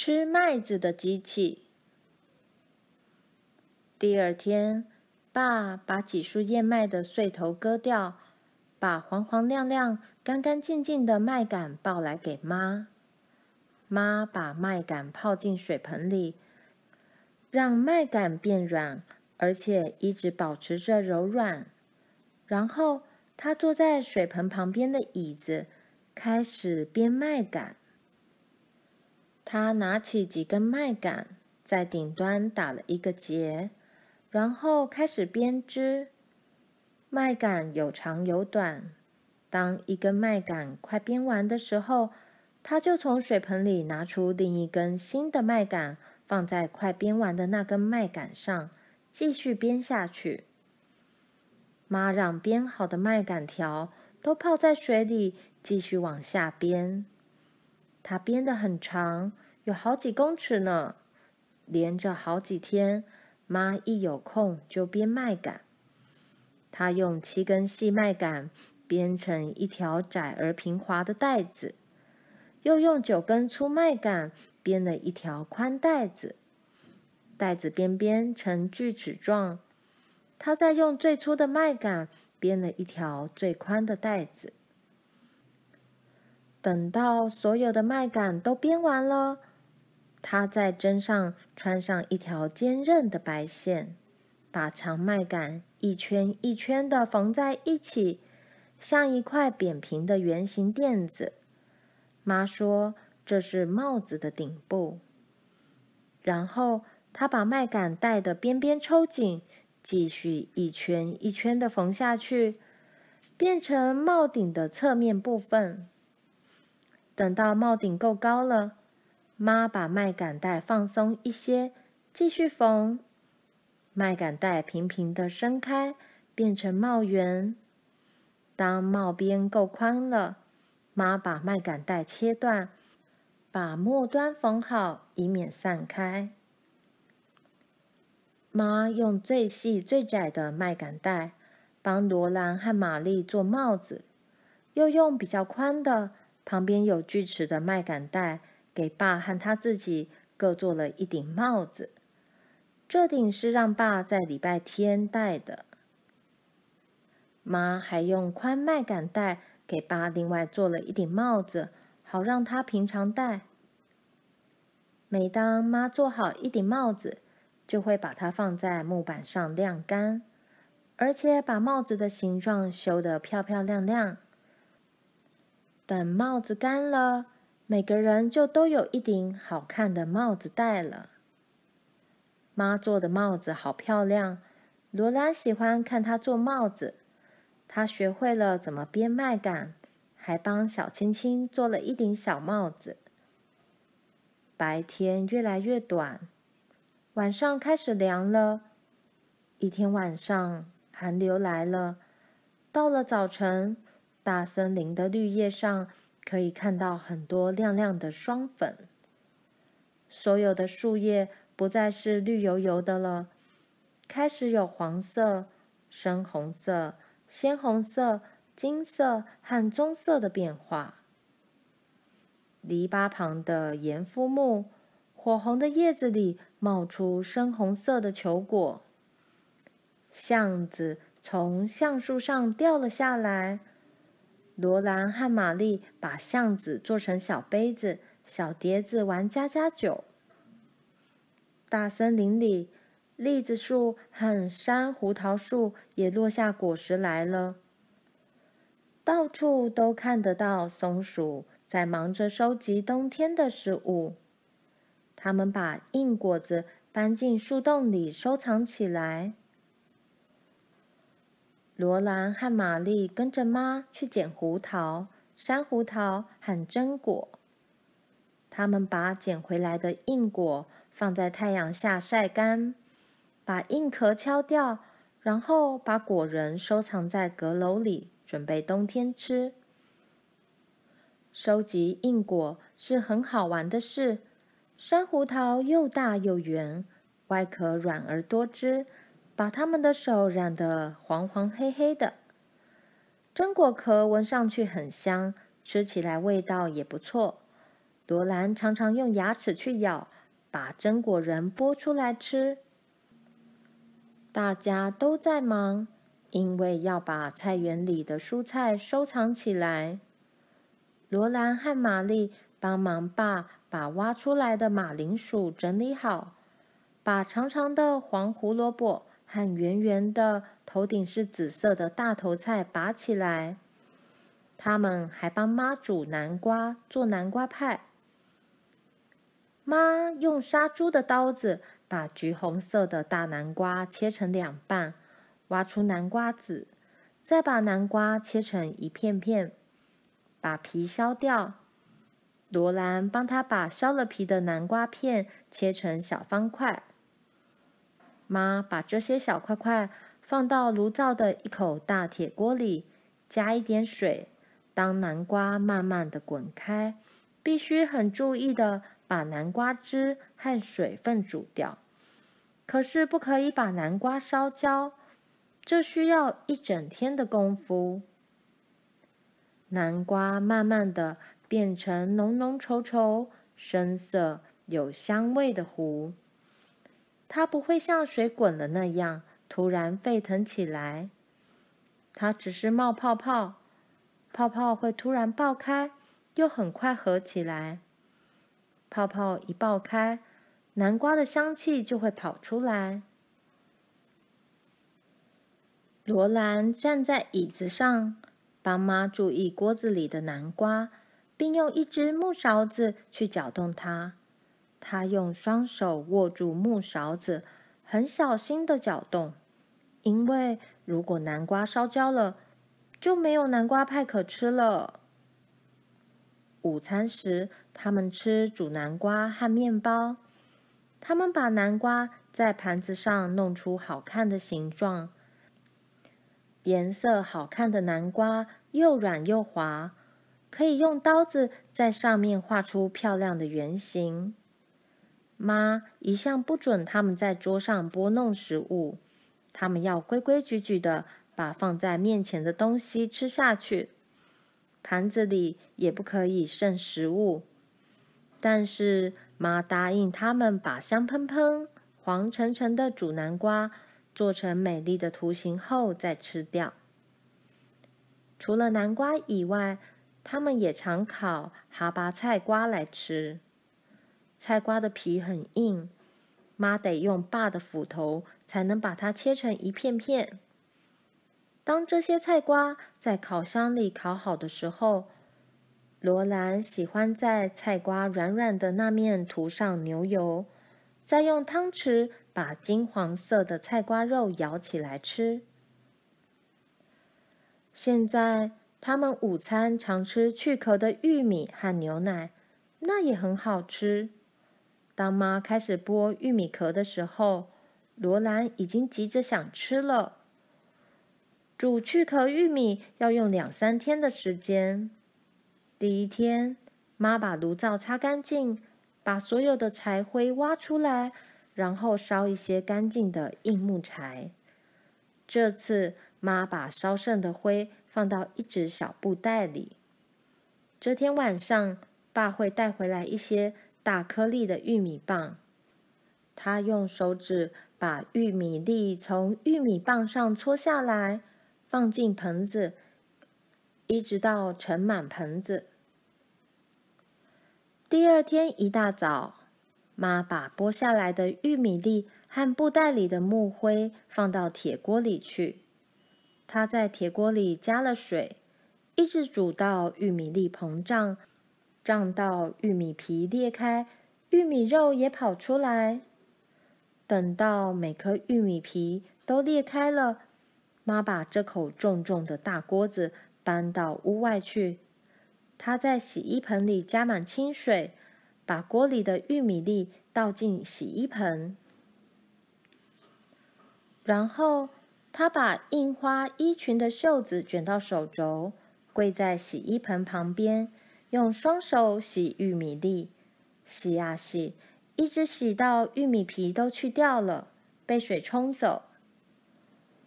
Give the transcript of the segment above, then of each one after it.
吃麥子的機器。第二天，爸把幾束燕麥的穗頭割掉，把黃黃亮亮、乾乾淨淨的麥稈抱來給媽。媽把麥稈泡進水盆裡，讓麥稈變軟，而且一直保持着柔軟。然後，她坐在水盆旁邊的椅子，開始編麥稈。他拿起幾根麥稈，在頂端打了一個結，然後開始編織。麥稈有長有短。當一根麥稈快編完的時候，他就從水盆裡拿出另一根新的麥稈，放在快編完的那根麥稈上，繼續編下去。媽讓編好的麥稈條都泡在水裡，繼續往下編。它編的很長，有好幾公尺呢。連着好幾天，媽一有空就編麥杆。她用七根細麥杆編成一條窄而平滑的帶子，又用九根粗麥杆編了一條寬帶子。帶子邊邊呈鋸齒狀。她再用最粗的麥杆編了一條最寬的帶子。等到所有的麥稈都編完了，他在針上穿上一條堅韌的白線，把長麥稈一圈一圈地縫在一起，像一塊扁平的圓形墊子。媽說這是帽子的頂部。然後他把麥稈帶的邊邊抽緊，繼續一圈一圈地縫下去，變成帽頂的側面部分。等到帽頂夠高了，媽把麥稈帶放鬆一些，繼續縫。麥稈帶平平的伸開，變成帽緣。當帽邊夠寬了，媽把麥稈帶切斷，把末端縫好，以免散開。媽用最細最窄的麥稈帶幫羅蘭和瑪麗做帽子，又用比較寬的。旁邊有鋸齒的麥稈帶，給爸和他自己各做了一頂帽子。這頂是讓爸在禮拜天戴的。媽還用寬麥稈帶給爸另外做了一頂帽子，好讓他平常戴。每當媽做好一頂帽子，就會把它放在木板上晾乾，而且把帽子的形狀修得漂漂亮亮。等帽子乾了，每個人就都有一頂好看的帽子戴了。媽做的帽子好漂亮，羅蘭喜歡看她做帽子。她學會了怎麼編麥稈，還幫小青青做了一頂小帽子。白天越來越短，晚上開始涼了。一天晚上，寒流來了。到了早晨，大森林的綠葉上可以看到很多亮亮的霜粉。所有的樹葉不再是綠油油的了，開始有黃色、深紅色、鮮紅色、金色和棕色的變化。籬笆旁的鹽膚木，火紅的葉子裡冒出深紅色的球果。橡子從橡樹上掉了下來。羅蘭和瑪麗把橡子做成小杯子、小碟子，玩家家酒。大森林裡，栗子樹和山胡桃樹也落下果實來了，到處都看得到松鼠在忙着收集冬天的食物。它們把硬果子搬進樹洞裡收藏起來。羅蘭和瑪麗跟着媽去撿胡桃、山胡桃和榛果。他們把撿回來的硬果放在太陽下曬乾，把硬殼敲掉，然後把果仁收藏在閣樓裡，準備冬天吃。收集硬果是很好玩的事。山胡桃又大又圓，外殼軟而多汁。把他們的手染得黃黃黑黑的。榛果殼聞上去很香，吃起來味道也不錯。羅蘭常常用牙齒去咬，把榛果仁剝出來吃。大家都在忙，因為要把菜園裡的蔬菜收藏起來。羅蘭和瑪麗幫忙把把挖出來的馬鈴薯整理好，把長長的黃胡蘿蔔。很圓圓的，頭頂是紫色的大頭菜，拔起來。他們還幫媽煮南瓜，做南瓜派。媽用殺豬的刀子把橘紅色的大南瓜切成兩半，挖出南瓜籽，再把南瓜切成一片片，把皮削掉。羅蘭幫她把削了皮的南瓜片切成小方塊。媽把這些小塊塊放到爐灶的一口大鐵鍋裡，加一點水。當南瓜慢慢的滾開，必須很注意的把南瓜汁和水分煮掉，可是不可以把南瓜燒焦，這需要一整天的功夫。南瓜慢慢的變成濃濃稠稠，深色有香味的糊。它不會像水滾了那樣突然沸騰起來，它只是冒泡泡，泡泡會突然爆開，又很快合起來。泡泡一爆開，南瓜的香氣就會跑出來。羅蘭站在椅子上，幫媽注意鍋子裡的南瓜，並用一隻木勺子去攪動它。他用雙手握住木勺子，很小心的攪動，因為如果南瓜燒焦了，就沒有南瓜派可吃了。午餐時，他們吃煮南瓜和麵包。他們把南瓜在盤子上弄出好看的形狀。顏色好看的南瓜又軟又滑，可以用刀子在上面畫出漂亮的圓形。媽一向不准他們在桌上撥弄食物，他們要規規矩矩的把放在面前的東西吃下去，盤子裡也不可以剩食物。但是媽答應他們，把香噴噴、黃澄澄的煮南瓜做成美麗的圖形後再吃掉。除了南瓜以外，他們也常烤哈巴菜瓜來吃。菜瓜的皮很硬，媽得用爸的斧頭才能把它切成一片片。當這些菜瓜在烤箱裡烤好的時候，羅蘭喜歡在菜瓜軟軟的那面塗上牛油，再用湯匙把金黃色的菜瓜肉舀起來吃。現在他們午餐常吃去殼的玉米和牛奶，那也很好吃。當媽開始剝玉米殼的時候，羅蘭已經急着想吃了。煮去殼玉米要用兩三天的時間。第一天，媽把爐灶擦乾淨，把所有的柴灰挖出來，然後燒一些乾淨的硬木柴。這次，媽把燒剩的灰放到一隻小布袋裡。這天晚上，爸會帶回來一些，大顆粒的玉米棒。他用手指把玉米粒從玉米棒上搓下來，放進盆子，一直到盛滿盆子。第二天一大早，媽把剝下來的玉米粒和布袋裡的木灰放到鐵鍋裡去。她在鐵鍋裡加了水，一直煮到玉米粒膨脹。脹到玉米皮裂開，玉米肉也跑出來。等到每顆玉米皮都裂開了，媽把這口重重的大鍋子搬到屋外去。她在洗衣盆裡加滿清水，把鍋裡的玉米粒倒進洗衣盆。然後，她把印花衣裙的袖子捲到手肘，跪在洗衣盆旁邊。用雙手洗玉米粒，洗啊洗，一直洗到玉米皮都去掉了，被水沖走。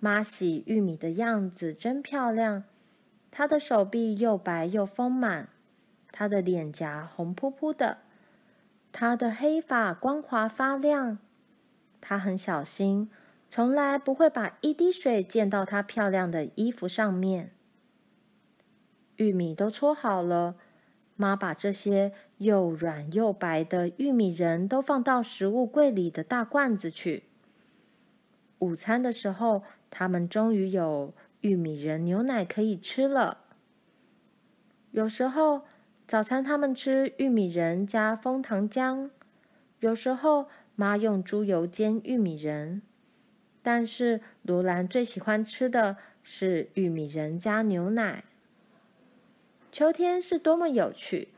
媽洗玉米的樣子真漂亮，她的手臂又白又豐滿，她的臉頰紅撲撲的，她的黑髮光滑發亮。她很小心，從來不會把一滴水濺到她漂亮的衣服上面。玉米都搓好了。媽把這些又軟又白的玉米仁都放到食物櫃裡的大罐子去。午餐的時候，他們終於有玉米仁牛奶可以吃了。有時候早餐他們吃玉米仁加楓糖漿，有時候媽用豬油煎玉米仁，但是羅蘭最喜歡吃的是玉米仁加牛奶。秋天是多麼有趣！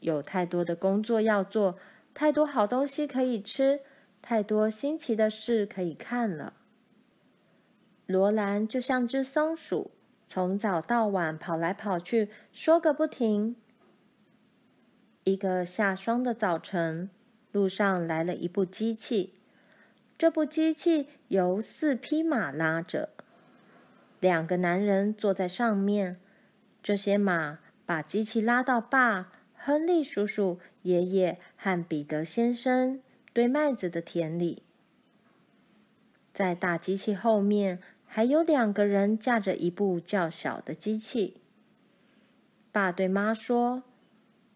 有太多的工作要做，太多好東西可以吃，太多新奇的事可以看了。羅蘭就像隻松鼠，從早到晚跑來跑去，說個不停。一個下霜的早晨，路上來了一部機器，這部機器由四匹馬拉着，兩個男人坐在上面。這些馬把機器拉到爸、亨利叔叔、爺爺和彼得先生堆麥子的田裡。在大機器後面還有兩個人駕着一部較小的機器。爸對媽說：“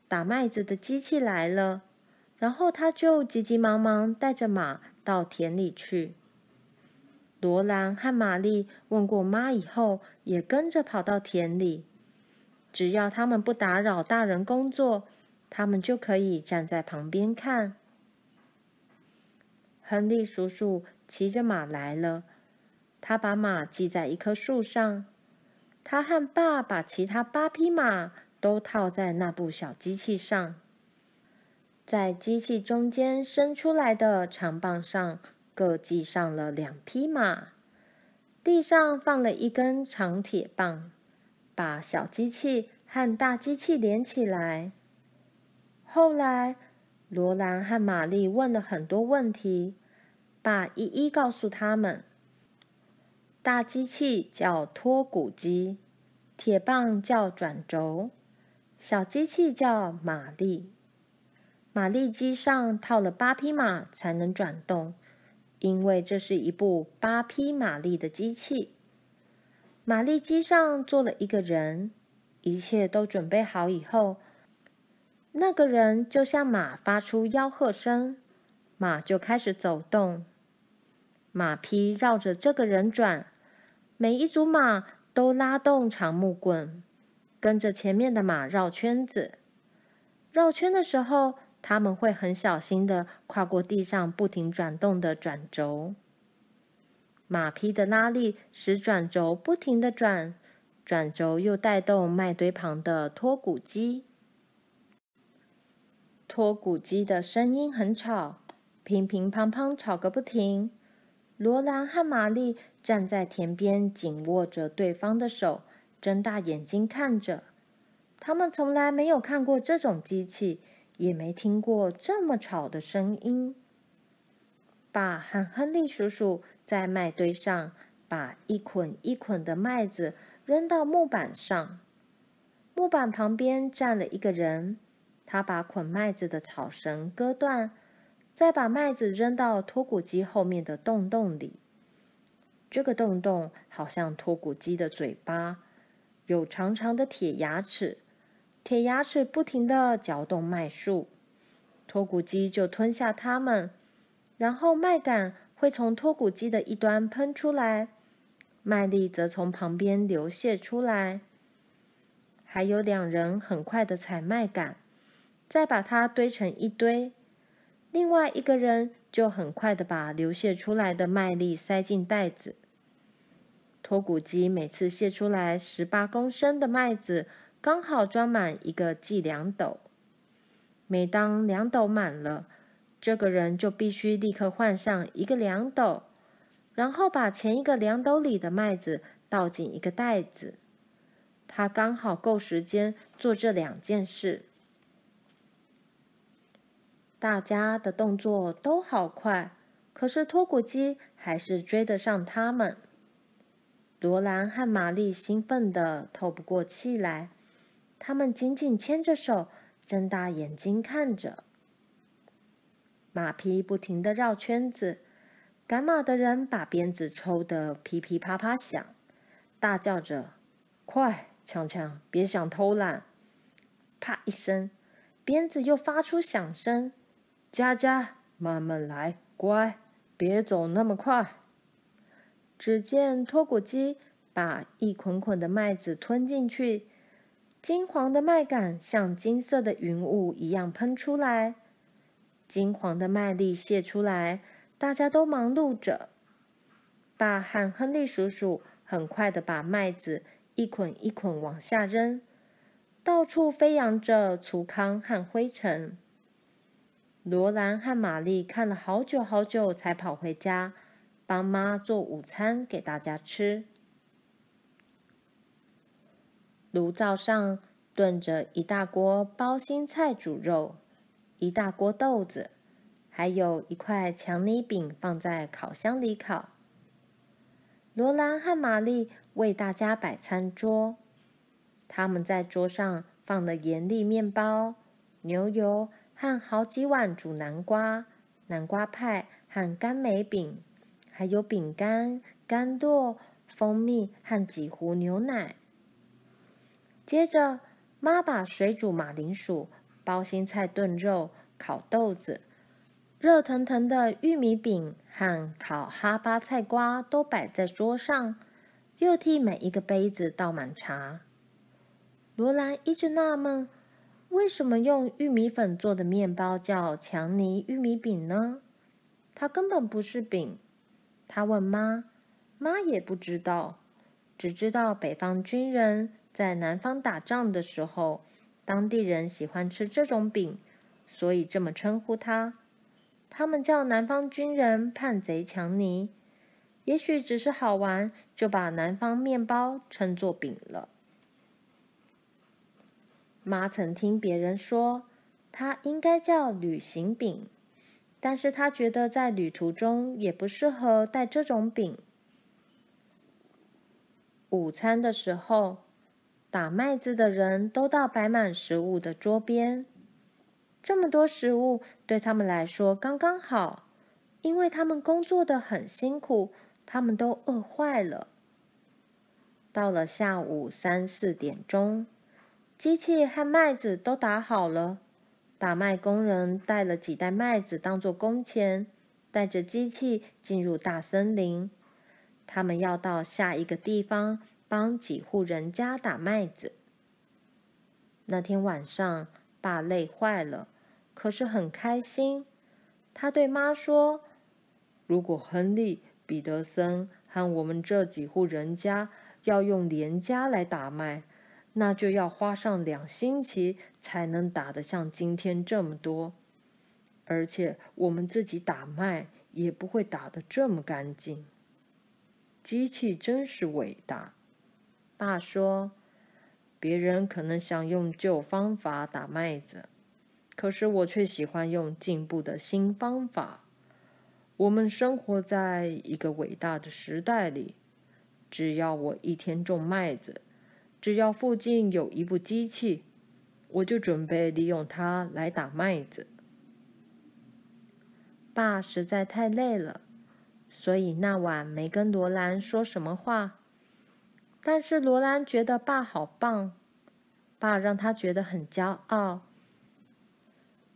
打麥子的機器來了。”然後他就急急忙忙帶着馬到田裡去。羅蘭和瑪麗問過媽以後，也跟着跑到田裡。只要他們不打擾大人工作，他們就可以站在旁邊看。亨利叔叔騎着馬來了，他把馬繫在一棵樹上。他和爸把其他八匹馬都套在那部小機器上，在機器中間伸出來的長棒上各繫上了兩匹馬，地上放了一根長鐵棒。把小機器和大機器連起來。後來，羅蘭和瑪麗問了很多問題，爸一一告訴他們。大機器叫脫骨機，鐵棒叫轉軸，小機器叫馬力。馬力機上套了八匹馬才能轉動，因為這是一部八匹馬力的機器。馬力機上坐了一個人，一切都準備好以後，那個人就向馬發出吆喝聲，馬就開始走動。馬匹繞着這個人轉，每一組馬都拉動長木棍，跟着前面的馬繞圈子。繞圈的時候，他們會很小心的跨過地上不停轉動的轉軸。馬匹的拉力使轉軸不停地轉，轉軸又帶動麥堆旁的脫穀機。脫穀機的聲音很吵，乒乒乓乓、乓，吵、吵個不停。羅蘭和瑪麗站在田邊，緊握着對方的手，睜大眼睛看着。他們從來沒有看過這種機器，也沒聽過這麼吵的聲音。爸和亨利叔叔。在麥堆上，把一捆一捆的麥子扔到木板上。木板旁邊站了一個人，他把捆麥子的草繩割斷，再把麥子扔到脫穀機後面的洞洞裡。這個洞洞好像脫穀機的嘴巴，有長長的鐵牙齒，鐵牙齒不停地嚼動麥束，脫穀機就吞下它們，然後麥稈會從脫穀機的一端噴出來，麥粒則從旁邊流瀉出來。還有兩人很快的踩麥稈，再把它堆成一堆。另外一個人就很快的把流瀉出來的麥粒塞進袋子。脫穀機每次卸出來十八公升的麥子，剛好裝滿一個計量斗。每當兩斗滿了，這個人就必須立刻換上一個糧斗，然後把前一個糧斗裡的麥子倒進一個袋子。他剛好夠時間做這兩件事。大家的動作都好快，可是脫穀機還是追得上他們。羅蘭和瑪麗興奮的透不過氣來，他們緊緊牽着手，睜大眼睛看着。馬匹不停地繞圈子，趕馬的人把鞭子抽得噼噼啪啪響，大叫着：“快，強強，別想偷懶！”啪一聲，鞭子又發出響聲。佳佳，慢慢來，乖，別走那麼快。只見脫穀機把一捆捆的麥子吞進去，金黃的麥稈像金色的雲霧一樣噴出來。金黃的麥粒洩出來，大家都忙碌着。爸和亨利叔叔很快的把麥子一捆一捆往下扔，到處飛揚着粗糠和灰塵。羅蘭和瑪麗看了好久好久才跑回家，幫媽做午餐給大家吃。爐灶上燉着一大鍋包心菜煮肉。一大鍋豆子，還有一塊強尼餅，餅放在烤箱裡烤。羅蘭和瑪麗為大家擺餐桌。他們在桌上放了鹽粒麵包、牛油和好幾碗煮南瓜、南瓜派和乾梅餅，還有餅乾、乾酪、蜂蜜和幾壺牛奶。接着，媽把水煮馬鈴薯。包心菜燉肉、烤豆子、熱騰騰的玉米餅和烤哈巴菜瓜都擺在桌上，又替每一個杯子倒滿茶。羅蘭一直納悶，為什麼用玉米粉做的麵包叫強尼玉米餅呢？它根本不是餅。他問媽，媽也不知道，只知道北方軍人在南方打仗的時候。當地人喜歡吃這種餅，所以這麼稱呼它。他們叫南方軍人叛賊強尼，也許只是好玩，就把南方麵包稱作餅了。媽曾聽別人說，它應該叫旅行餅，但是她覺得在旅途中也不適合帶這種餅。午餐的時候，打麥子的人都到擺滿食物的桌邊，這麼多食物對他們來說剛剛好，因為他們工作得很辛苦，他們都餓壞了。到了下午三四點鐘，機器和麥子都打好了，打麥工人帶了幾袋麥子當做工錢，帶着機器進入大森林，他們要到下一個地方，幫幾戶人家打麥子。那天晚上，爸累壞了，可是很開心。他對媽說：“如果亨利·彼得森和我們這幾戶人家要用連枷來打麥，那就要花上兩星期才能打得像今天這麼多。而且我們自己打麥也不會打得這麼乾淨。機器真是偉大。”爸說：“別人可能想用舊方法打麥子，可是我卻喜歡用進步的新方法。我們生活在一個偉大的時代裡，只要我一天種麥子，只要附近有一部機器，我就準備利用它來打麥子。”爸實在太累了，所以那晚沒跟羅蘭說什麼話。但是羅蘭覺得爸好棒，爸讓他覺得很驕傲。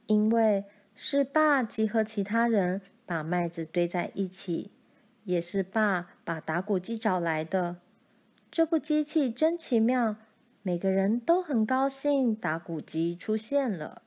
因為是爸集合其他人把麥子堆在一起，也是爸把打穀機找來的。這部機器真奇妙，每個人都很高興，打穀機出現了。